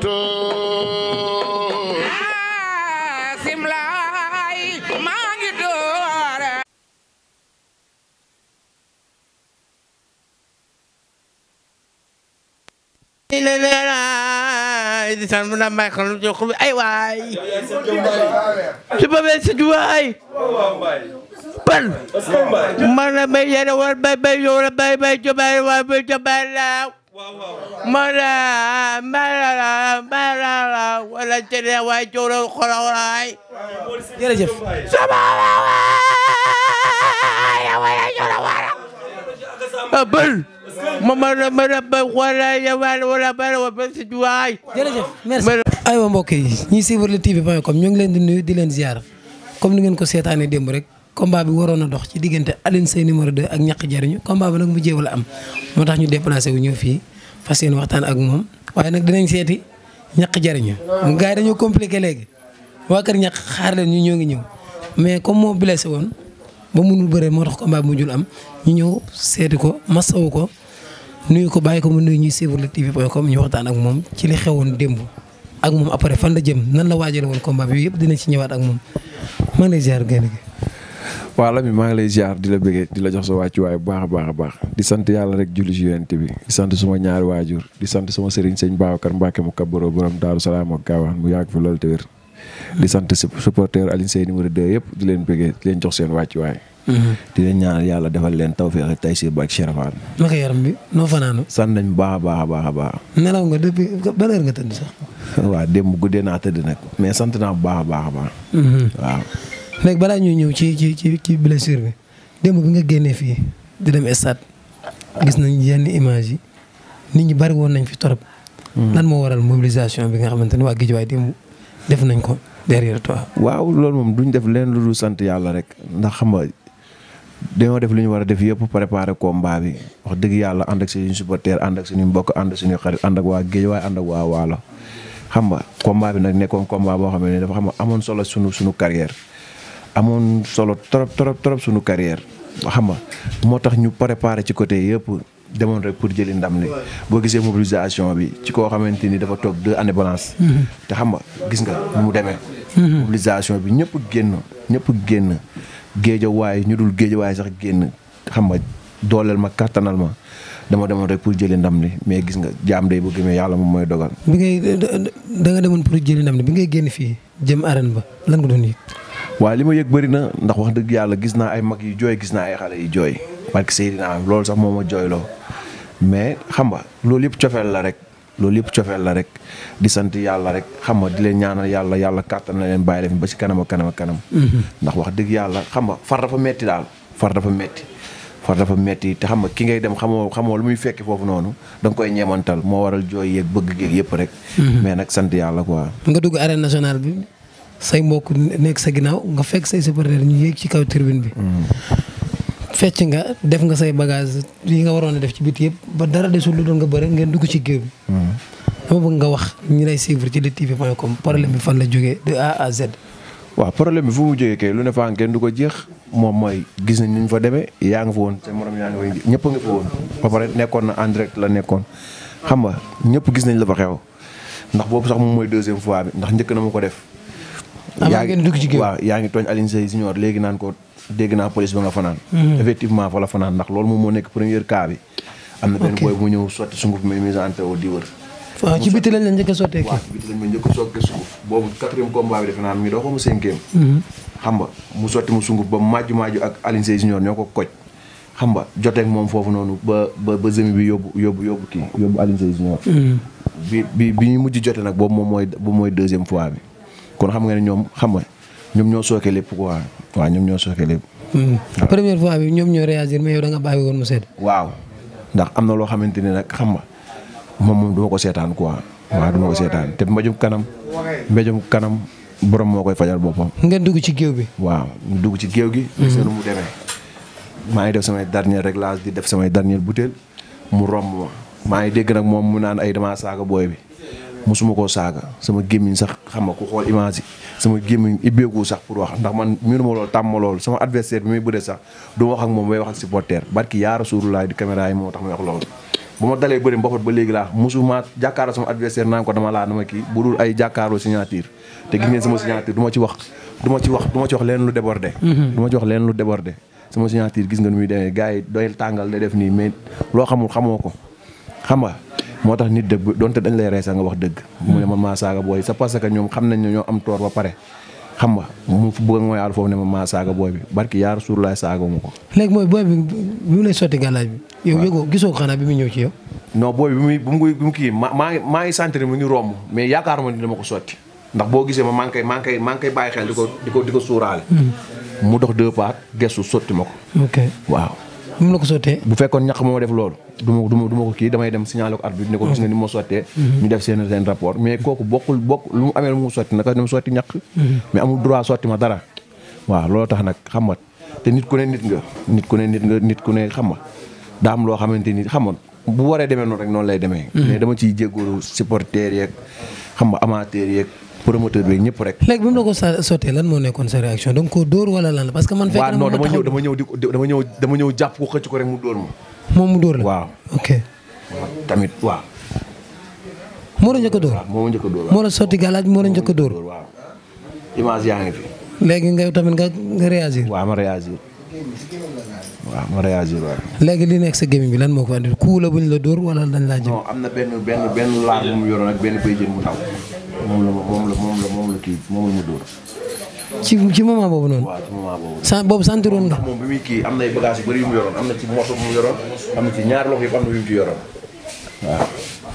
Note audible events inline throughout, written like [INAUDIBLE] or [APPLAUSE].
door Xaasim laay maa ngi door di san bu na may xol jox bi ay waay ci babé ci duwaay ban man na may yene war bay bay yow la bay bay jobaay waa bay jobaay laaw mara mara mara wala jëlee waay jooju xoolal waay. jërëjëf. sama waay wala jooju waara. bël. ma mara mara ba wala yawaale wala bëri wa ba si waay. jërëjëf merci. aywa mbokk yi ñiy suivre luttetv.com ñu ngi leen di nuyu di leen ziar comme ni ngeen ko seetaanee démb rek. combat bi waroon a dox ci diggante Alioune Seye numéro 2 ak ñàkk jariñu combat bi nag mu jéewal am moo tax ñu déplacé wu ñëw fii. fas yéen waxtaan ak moom waaye nag dinañ seeti ñaq jariñu gars yi dañoo compliqué léegi waa kër ñax xaar leen ñu ñoo ngi ñëw mais comme moo blessé woon ba mënul bëre moo tax combat mu jul am ñu ñëw seeti ko masawu ko nuyu ko bàyyi ko mu nuyu ñuy suivre luttetv point com ñu waxtaan ak moom ci li xewoon démb ak moom après fan la jëm nan la waajale woon combat bi yëpp dina ci ñëwaat ak moom maa ngi lay ziar gaynde gi waaw Lamine maa ngi lay ziar di la bëggee di la jox sa wàccuwaay bu baax a baax a baax di sant yàlla rek julli si yonent bi di sant suma ñaari waajur di sant suma sëriñ sëñ Babacar Mbacke mu kaboro borom Daaru Salaam ak Gaawaan mu yàgg fi loolu te wér di sant supporteur Alioune Seye numéro 2 yëpp di leen bëggee di leen jox seen wàccuwaay. Mm-hmm. di leen ñaanal yàlla defal leen tawféex ak taysiir ba ak Cherafaan. naka yaram bi noo fanaanu. sant nañu baax a baax a baax a baax. nelaw nga depuis ban heure nga tëdd sax. [LAUGHS] waaw démb guddee naa nag mais sant naa bu baax a baax a baax. Mm-hmm. waaw. léegi balaa ñuy ñëw ci ci ci ci blessure bi démb bi nga génnee fii di dem stade gis nañ yenn image nit ñi bari woon nañ fi torop hmm. lan moo waral mobilisation bi nga xamante ne waa Guédiawaye démb def nañ ko derrière toi. waaw loolu moom duñ def leen lu dul sant yàlla rek ndax xam nga dañoo def lu ñu war a def yëpp préparer combat bi wax dëgg yàlla ànd ak suñu supporter ànd ak suñu mbokk ànd ak suñu xarit ànd ak waa Guédiawaye ànd ak waa Waalo. xam nga combat bi nag nekkoon combat boo xam ne dafa xam nga amoon solo suñu suñu carrière amoon solo trop trop trop suñu carrière xam nga moo tax ñu préparé ci côté yëpp demoon rek pour jëli ndam li boo gisee mobilisation bi ci koo xamante ni dafa toog deux années te xam nga gis nga mu demee mobilisation bi ñëpp génn ñëpp génn géejawaay ñu dul géejawaay sax génn xam nga dooleel ma kattanal ma dama demoon rek pour jëli ndam li mais gis nga jaam day bu gëmee yàlla moom mooy dogal bi ngay da nga demoon pour jëli ndam li bi ngay génn fii jëm arène ba lan nga doon yëg waaye li ma yëg bëri na ndax wax dëgg yàlla gis naa ay mag yu jooy gis naa ay xale yu jooy barke Seydina loolu sax moo ma jooyloo mais xam nga loolu yëpp cofeel la rek loolu yëpp cofeel la rek di sant yàlla rek xam nga di leen ñaanal yàlla yàlla kàttan na leen bàyyi leen ba ci kanam ak kanam ak kanam. Mhm. ndax wax dëgg yàlla xam far dafa metti daal far dafa metti far dafa metti te xam nga ki ngay dem xamoo xamoo lu muy fekki foofu noonu da koy ñeemantal moo waral jooy yeeg bëgg yeeg yëpp rek. Mhm. mais nag sant yàlla quoi. say mbokk nekk sa ginnaaw nga fekk say supporters ñu yéeg ci kaw tribune bi. fecc nga def nga say bagage yi nga waroon a def ci biti yëpp ba dara desul lu doon nga bëre ngeen dugg ci géew bi. Hmm. dama bëgg nga wax ñi lay suivre ci luttetv.com problème bi fan la jógee de A à Z. waaw problème bi fu mu jógee kay lu ne faa kenn du ko jeex moom mooy gis nañ ni ñu demee yaa nga fa woon te morom yaa ñëpp nga fa nekkoon na en direct la nekkoon xam nga ñëpp gis nañ la fa xew ndax boobu sax moom mooy deuxième fois bi ndax njëkk na ma ko def. avant ngeen dugg yaa ngi tooñ Alioune Seye junior léegi naan ko dégg naa police ba nga fanaan mhm. effectivement fa la fanaan ndax loolu moom moo nekk premier cas bi am na benn booy bu ñëw sotti sunguf mi misante woo di wër a sottee waaw ci biti lañ ma a sottee mhm. xam nga mu sotti mu sunguf ba maaju maaju ak Alioune Seye junior ñoo ko koj xam nga joteeg moom foofu noonu ba ba ba zemi bi yóbbu yóbbu yóbbu kii yóbbu Alioune Seye junior mhm. bi bi bi ñu mujj jotee nag boobu moom mooy bu mooy deuxième fois bi kon xam nga ne ñoom xam nga ñoom ñoo sooke lépp quoi waa ñoom ñoo sooke lépp. Hmm. waaw première fois bi ñoo réagir mais yow da nga bàyyi woon waaw ndax am na loo xamante ne nag xam nga moom moom du ko seetaan quoi waaw du ma ko seetaan te mbéjum kanam mbéjum kanam borom moo koy fajal boppam. ngeen dugg ci géew bi. waaw dugg ci géew gi. Hmm. mu demee. maa ngi def samay dernier réglage di def samay dernier bouteille mu romb ma maa ngi dégg nag moom mu naan ay dama saaga booy bi. mosuma koo saaga sama gémmiñ sax xam nga ku xool image yi sama gémmiñ ibbeeku sax pour wax ndax man miinu ma loolu tàmm ma loolu sama adversaire bi muy bëre sax du wax ak moom may wax ak supporter barki yaa rasuulullaay di caméra moo tax may wax loolu ba ma dalee bëri mbapat ba léegi laa mosuma jàkkaarloo sama adversaire naan ko dama laa dama kii bu dul ay jàkkaarloo signature te gis ngeen sama signature du ci wax du ci wax du ma ci leen lu débordé mhm. ma ci leen lu débordé sama signature gis nga nu muy demee gars yi doyal tàngal day def nii mais loo xamul xamoo ko xam nga moo tax nit dëgg donte dañ lay rey sax nga wax dëgg. mu ne man maa saaga booy c'est parce que ñoom xam nañ ne ñoo am toor ba pare. xam nga mu bëgg mooy aar foofu ne ma maa saaga booy bi barki yaar suur laay saaga mu ko. léegi mooy booy bi bi mu lay sotti gànnaay bi. yow yëgoo gisoo xanaa bi mu ñëw ci yow. non booy bi bi mu bi mu kii ma maa ngi maa ngi sentir mu ngi romb mais yaakaaruma ni dama ko sotti. ndax boo gisee ma maa ngi koy maa ngi koy maa ngi koy bàyyi xel di ko di ko di ko suuraale. Hmm. mu dox deux pas gestu sotti ma ko. ok waaw. mu la ko sottee. bu fekkoon ñax moo def loolu. du ko kii damay dem signalé ko arbitre ne ko gis nga ni moo sottee mhm. ñu def seen rapport mais kooku bokk lu mu amee lu mu sotti naka dem sotti ñàkk mhm. mais amul droit sotti ma dara waaw loolu tax nag xam nga te nit ku ne nit nga nit ku ne nit nga nit ku ne xam nga loo xamante ni xamoon bu waree demee noonu rek noonu lay demee mhm. mais dama ciy jéggóolu supporters yeeg xam nga amateurs yeeg promoteur ko dóor wala lan parce que man. fekk na ma taxaw waaw non di dama ñëw dama ñëw jàpp ko xëcc ko rek mu dóor ma. moom mu dóor la waaw ok. tamit waaw. moo la njëkk a dóor waaw moo la njëkk a dóor moo la sotti galaaj moo njëkk a dóor. waaw image yaa ngi fi. léegi nga tamit nga nga réagir. waaw ma réagir. waaw ma réagir waaw. léegi li nekk sa gémmiñ bi lan moo ko andi ku la buñ la dóor wala dañ laa jëm. non am na benn benn laar bu mu yoroon ak benn béykat bu ndaw moom la moom la moom la moom la kii moom la mu dóor. ci ci moment boobu noonu. waaw boobu. sa boobu santiroon nga. moom bi muy kii am na ay bagages yu bëri yu mu yoroon am na ci moto bu mu yoroon am na ci ñaar loxo yëpp am na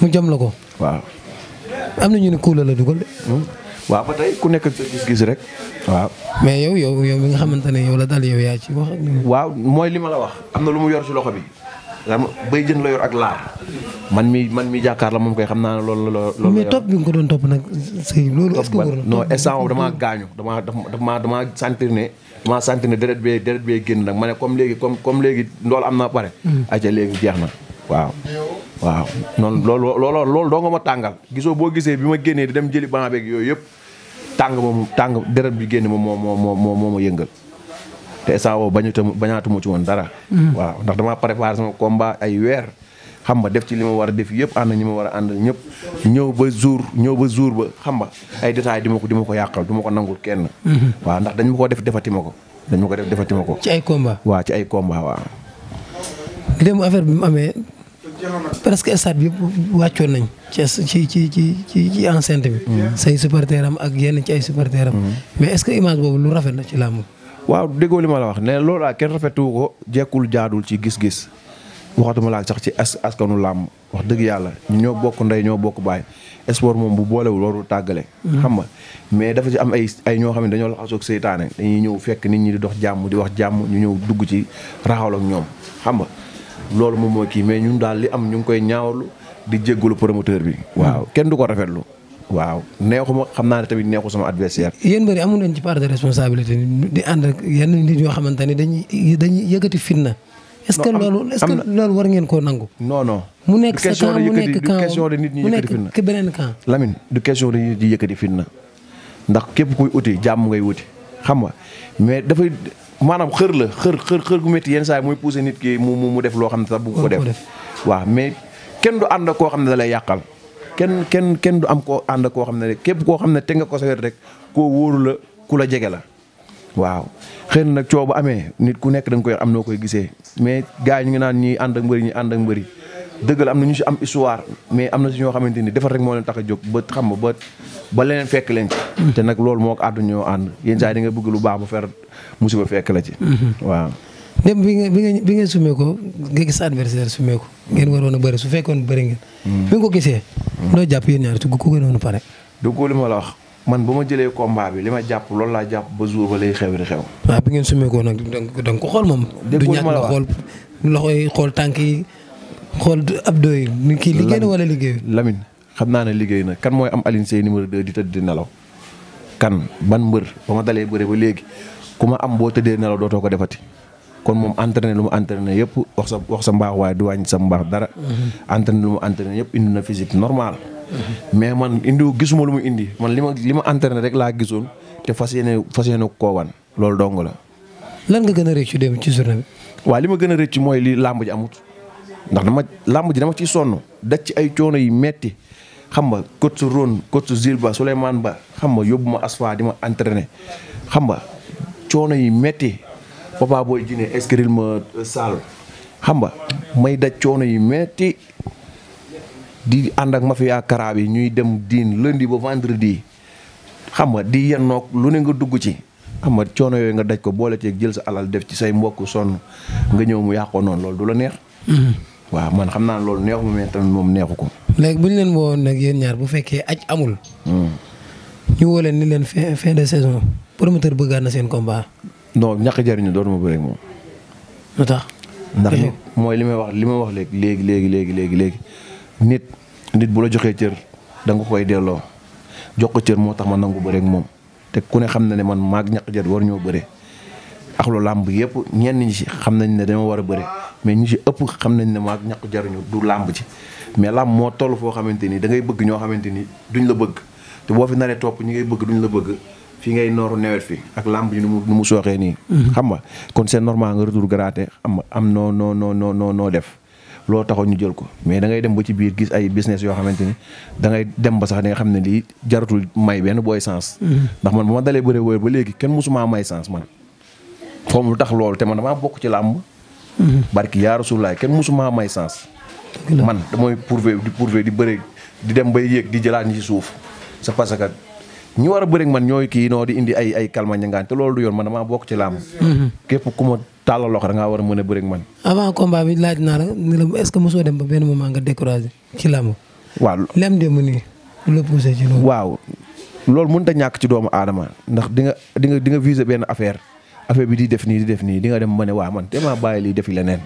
mu ci la ko. waaw. am na ñu ne kuula a dugal de. Hmm? waaw ba tey ku nekk sa gis-gis rek. waaw. mais yow yow yow mi nga xamante ne yow la dal yow yaa ci wax. waaw mooy li ma la wax am na lu mu yor ci loxo bi. xam bay jën la yor ak laar man mi man mi jàkkaar la moom koy xam naa ne loolu la loolu mais topp bi nga ko doon topp nag sëy loolu est-ce que wóor na non instant boobu damaa gaañu damaa daf maa damaa sentir ne damaa sentir ne deret bee deret bee génn nag ma ne comme léegi comme comme léegi ndool am na pare hmm. aca léegi jeex na waaw waaw noonu loolu loolu loolu doo nga ma tàngal gisoo boo gisee bi ma génnee di dem jëli banc beeg yooyu yëpp tàng moom tàng deret bi génn moom moo moo moo moo ma yëngal te instant boobu bañu bañaatuma ci woon dara. Mm-hmm. waaw ndax damaa préparé sama combat ay weer. xam nga def ci li ma war a def yëpp ànd ñi ma war a ànd ñëpp ñëw ba jour ñëw ba jour ba xam nga ay détails di ma ko di ko yàqal du ma ko nangul kenn. Mm-hmm. waaw ndax dañ ma ko def defati ma ko. dañ ma ko def defati ma ko. ci ay combat waaw ci ay combat waaw. mu affaire bi mu amee presque stade bi yëpp wàccoon nañ ci ci ci ci ci enceinte bi. Mm-hmm. say supporter am ak yenn ci ay supporter am. mais est-ce que lu rafet la ci làmb waaw déggoo li ma la wax ne loolu ak kenn rafetu ko jekkul jaadul ci gis-gis waxatuma laa sax ci as askanu làmb wax dëgg yàlla ñu ñoo bokk ndey ñoo bokk baay sport moom bu boolewul warul tàggale. Mm-hmm. xam nga mais dafa ci am ay ay ñoo xam ne dañoo laxasoog seytaane dañuy ñëw fekk nit ñi di dox jàmm di wax jàmm ñu ñëw dugg ci raxal ñoom xam nga loolu moom mooy kii mais ñun daal li am ñu ngi koy ñaawlu di jéggalu promoteur bi. Mm-hmm. waaw kenn du ko rafetlu. waaw neexuma xam naa ne tamit neexu sama adversaire. yéen bëri amu leen ci part de responsabilité di ànd ak yenn nit yoo xamante ne dañuy dañuy yëkkati fitna. est-ce que loolu est-ce que loolu war ngeen koo nangu. non mu nekk sa camp mu nekk camp nit ñi yëkkati fitna mu beneen camp. Lamine du question de nit ñi yëkkati fitna ndax képp kuy uti jàmm ngay wuti xam nga mais dafay maanaam xër la xër xër xër gu métti yenn saa yi muy nit ki mu mu def loo xam ne sax bu ko def waaw mais kenn du ànd ak koo xam ne da lay yàqal kenn kenn kenn du am ko ànd koo xam ne rek képp koo xam ne teg nga ko sa wet rek koo wóoru la ku la jege la waaw xëy na nag coow bu amee nit ku nekk da koy am noo koy gisee mais gars yi ñu ngi naan ñii ànd ak mbëri ñi ànd ak mbëri dëgg la am na ñu si am histoire mais am na si ñoo xamante ni defar rek moo leen tax a jóg ba xam nga ba ba leneen fekk leen ci mm-hmm. te nag loolu moo ko àddu ñoo ànd yenn saa yi di nga bëgg lu baax ba fer musiba fekk la ci mm-hmm. waaw dem bi nga bi bi nga sumee ko nga gis adversaire sumee ko ngeen waroon a bëri su fekkoon bëri nga hmm. bi nga ko gisee. loo jàpp yéen ñaar ku ko noonu pare. du ko li ma la wax man ba ma jëlee combat bi li ma jàpp loolu laa jàpp ba jour ba lay xew xew. Ah, bi ngeen sumee ko nag da nga ko xool moom. du ñàkk loxo yi xool tànk yi xool abdo yi. kii liggéey wala liggéeyul. Lamine xam naa ne liggéey na kan mooy am Alioune Seye numéro 2 di tëdd di nelaw. kan ban mbër ba ma dalee bëre ba léegi ku ma am boo tëddee nelaw dootoo ko defati kon moom entraîné lu mu entraîné yëpp wax sa wax sa mbaax waaye du wàññi sa mbaax dara. entraîné lu mu entraîné yëpp indi na physique normal. mais man indiw gisuma lu mu indi man li ma li ma entraîné rek laa gisoon te fas yéene fas yéene koo wan loolu dong la. lan nga gën a rëccu dem ci journée bi. waaw li ma gën a rëcc mooy li làmb ji amut ndax dama làmb ji dama ciy sonn daj ci ay coono yi metti xam nga coach Ron coach Zilba Souleymane Ba xam nga yóbbu ma asfa di ma entraîné xam nga coono yi metti Papa Boy Djiné inscrire ma saal xam nga may daj coono yu metti di ànd ak mafia karaab yi ñuy dem diin lundi ba vendredi xam nga di nook lu ne nga dugg ci xam nga coono yooyu nga daj ko boole ci jël sa alal def ci say mbokk sonn nga ñëw mu yàqoo noonu loolu du la neex. Mm-hmm. waaw man xam naa loolu neexu ma mais moom neexu ko. léegi bu ñu leen woo nag yéen ñaar bu fekkee aj amul. Mm. ñu woo leen ni leen fin fin de saison promoteur bëggaat na seen combat. non ñàkk jariñu dootuma bëre ak moom. lu tax. ndax mooy li may wax li ma wax léegi léegi léegi léegi léegi léegi nit nit bu la joxee cër danga nga koy delloo jox ko cër moo tax ma nangu bëre moom te ku ne xam na ne man maag ñàkk jar war ñoo bëre. lu làmb yëpp ñenn ñi si xam nañ ne dama war a bëre mais ñu si ëpp xam nañ ne maag ñàkk jariñu du làmb ci mais làmb moo toll foo xamante ni da ngay bëgg ñoo xamante ni duñ la bëgg te boo fi naree topp ñu ngay bëgg duñ la bëgg. fii ngay nooru newet fi ak làmb ji nu mu nu mu sooxee nii. Mhm. xam na kon c'est normal nga retour gratter am am noo noo noo noo noo def. loolu taxoon ñu jël ko mais da ngay dem ba ci biir gis ay business yoo xamante ni da dem ba sax di nga xam ne lii jaratul may benn booy sens. Mhm. ndax man ba ma dalee bëre wóor ba léegi kenn mësuma may sens man. xom lu tax loolu te man damaa bokk ci làmb. Mhm. barki yaa Rasulaay kenn mësuma may sens. man damay prouver di prouver di bëre di dem bay yéeg di jëlaat ñi ci suuf c'est parce que. ñi war a bëri man ñooy kii noo di indi ay ay kalma ñangaan te loolu du yoon man damaa bokk ci làmb mhm. képp ku ma tàllal loxo da ngaa war a mën a bëri man avant combat bi laaj naa la ne la est-ce que mosoo dem ba benn moment nga découragé ci làmb waaw lem dem nii la poussé waaw loolu mënut a ñàkk ci doomu aadama ndax di nga di nga di nga viser benn affaire affaire bi di def nii di def nii di nga dem ma ne waa man te maa bàyyi lii defi leneen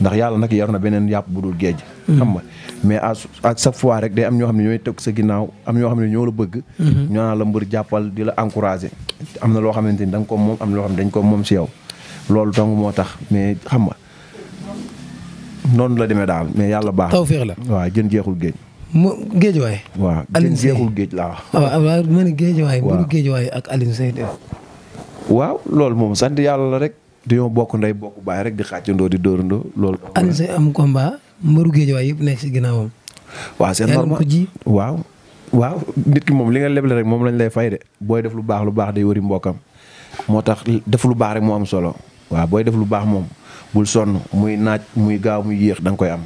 ndax yàlla nag yar na beneen yàpp bu dul géej hmm. xam nga mais à chaque fois rek day am ñoo xam ne ñooy tëgg sa ginnaaw am ñoo xam ne ñoo la bëgg hmm. ñoo naa la mbër jàppal di la encouragé am na loo xamante ni da nga ko moom am na xam ne dañ ko moom si yow loolu dong moo tax mais xam nga noonu la demee daal mais yàlla baax tawfeex la waaw jën jeexul géej mu géej waay waaw jën jeexul géej laa waaw waaw ma ne géej waay géej waay ak Alioune Seye def waaw loolu moom sant yàlla la rek dañoo bokk ndey bokk baax rek di ndoo di dóorandoo loolu. am sa am combat mbëru géej waay yëpp nekk si ginnaawam. waaw c'est normal ji waaw. waaw nit ki moom li nga leble rek moom lañ lay fay de booy def lu baax lu baax day wëri mbokkam moo tax def lu baax rek moo am solo waaw booy def lu baax moom bul sonn muy naaj muy gaaw mu yéex danga koy am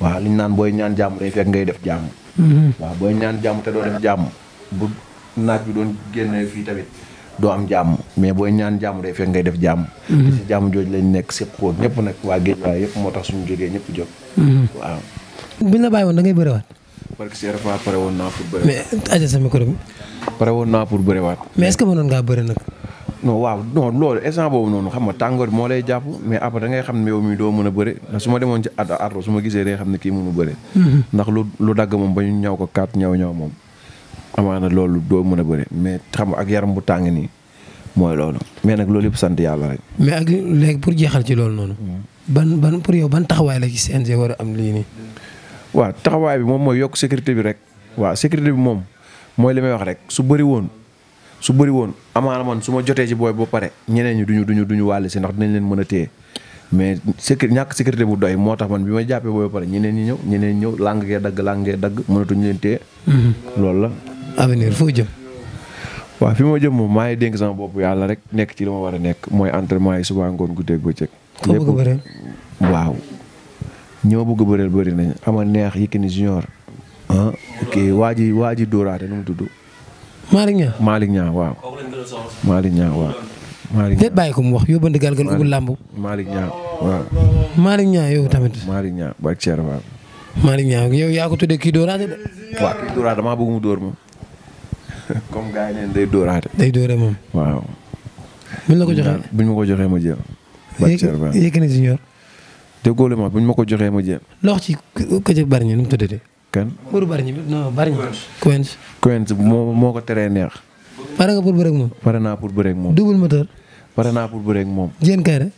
waaw li ñu naan booy ñaan jàmm day fekk ngay def jàmm. Mhm. waaw booy ñaan jàmm te doo def jàmm bu naaj bi doon génnee fii tamit. doo am jàmm mais booy ñaan jàmm day fekk ngay def jàmm mhm. si jàmm jooju lañu nekk séq ko ñépp nag waa géej waaye yëpp moo tax suñu jógee ñëpp jot mhm. waaw buñ la bàyyi woon da ngay bëriwaat parce que seere fa pare woon naa pour bëriwaat mais aja sa micro bi woon naa pour bëriwaat mais est-ce ngaa bëri nag non waaw non loolu instant boobu noonu xam nga tàngoor moo lay jàpp mais après da ngay xam ne yow mi doo mën a bëre ndax su ma demoon ci at arro su ma gisee day xam ne kii mënu bëre mhm. ndax lu lu dagg moom ba ñu ñaw ko kaat ñaw ñaw moom amaana loolu doo mën a bëre mais xam ak yaram bu tàng nii mooy loolu mais nag loolu yëpp sant yàlla rek. mais ak léegi pour jeexal ci loolu noonu. Hmm. ban ban pour yow ban taxawaay la ci CNG war a am lii nii. waaw taxawaay bi moom mooy yokk sécurité bi rek. waa sécurité bi moom mooy li may wax rek su bëri woon su bari woon amaana man su ma jotee ci booy ba pare ñeneen ñi duñu duñu duñu wàll si ndax dinañ leen mën a téye mais sécurité ñàkk sécurité bu doy moo tax man bi ma jàppee booy pare ñeneen ñi ñëw ñeneen ñëw làng ngee dagg làng ngee dagg mënatuñu leen téye. Mm-hmm. loolu la. avenir foo jëm. waaw fi ma jëm moom maa ngi dénk sama bopp yàlla rek nekk ci li ma war a nekk mooy entraînement yi suba ngoon guddeeg bëccëg. lépp ko bëgg bëreel. waaw ñoo bëgg bëreel bëri nañ ama neex Yékini Junior ah ok waa ji waa ji dóoraate nu mu tudd. Malick Niang Malick Niang waaw. Malick Niang waaw. Malick Niang bàyyi ko mu wax yóbbante gaal gën ubbi làmb. Malick Niang waaw. Malick Niang yow tamit. Malick Niang ba yaa ko tuddee kii dóoraate damaa bëgg mu dóor moom. comme gars day dóoraate. day dóore moom. buñ la ko joxee buñ ma ko joxee ma jël. ba Thierno waaw Yékini Junior. ma buñ ma ko joxee ma jël. loox ci ko ci bari ñu nu mu tuddee. kan. Mourou Bargny non Bargny. Quench moo moo ko teree neex. pare nga pour bëre moom. pare naa pour bëre ak moom. double moteur. pare naa pour bëre ak moom. Diène Kaïré.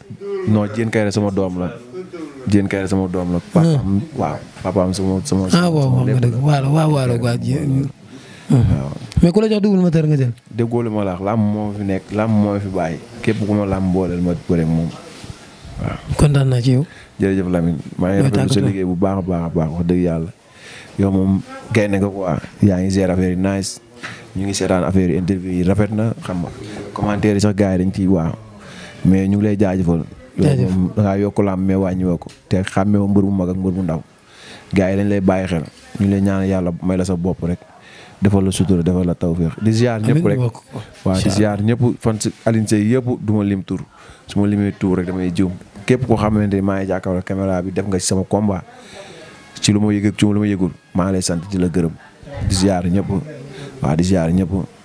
non Diène sama doom la. Diène Kaïré sama doom la. Ah. papaam waaw papaam suma sama. ah waaw waaw dëgg waalo waaw waalo quoi waaw. Ah. mais ku la jox nga jël. déggoo li ma la wax làmb fi nekk lam moo fi bàyyi képp ku ma làmb booleel ma bëre moom waaw. kontaan naa ci yow. jërëjëf Lamine maa ngi rafetlu sa bu baax a baax a baax wax dëgg yàlla yow moom gaynde nga yaa ngi gérer affaire yi nice ñu ngi seetaan affaire yi interview yi rafet na xam nga commentaire yi sax gars yi dañ ciy waa mais ñu ngi lay jaajëfal. jaajëf moom da ngaa yokk laam mais wàññiwoo ko te xàmmee mbër bu mag ak mbër mu ndaw gars yi dañ lay bàyyi xel ñu lay ñaan yàlla may la sa bopp rek defal la sutura defal la tawféex di ziar ñëpp rek waaw di ziar ñëpp fan si Alioune Seye yëpp du ma lim tur su ma limee tur rek damay jiw képp koo xamante ni maa ngi jàkkaarloo caméra bi def ci sama combat ci lu ma yëg ak ci ma yëgul maa lay sant di la gërëm di ziar ñëpp waaw di ziar ñëpp.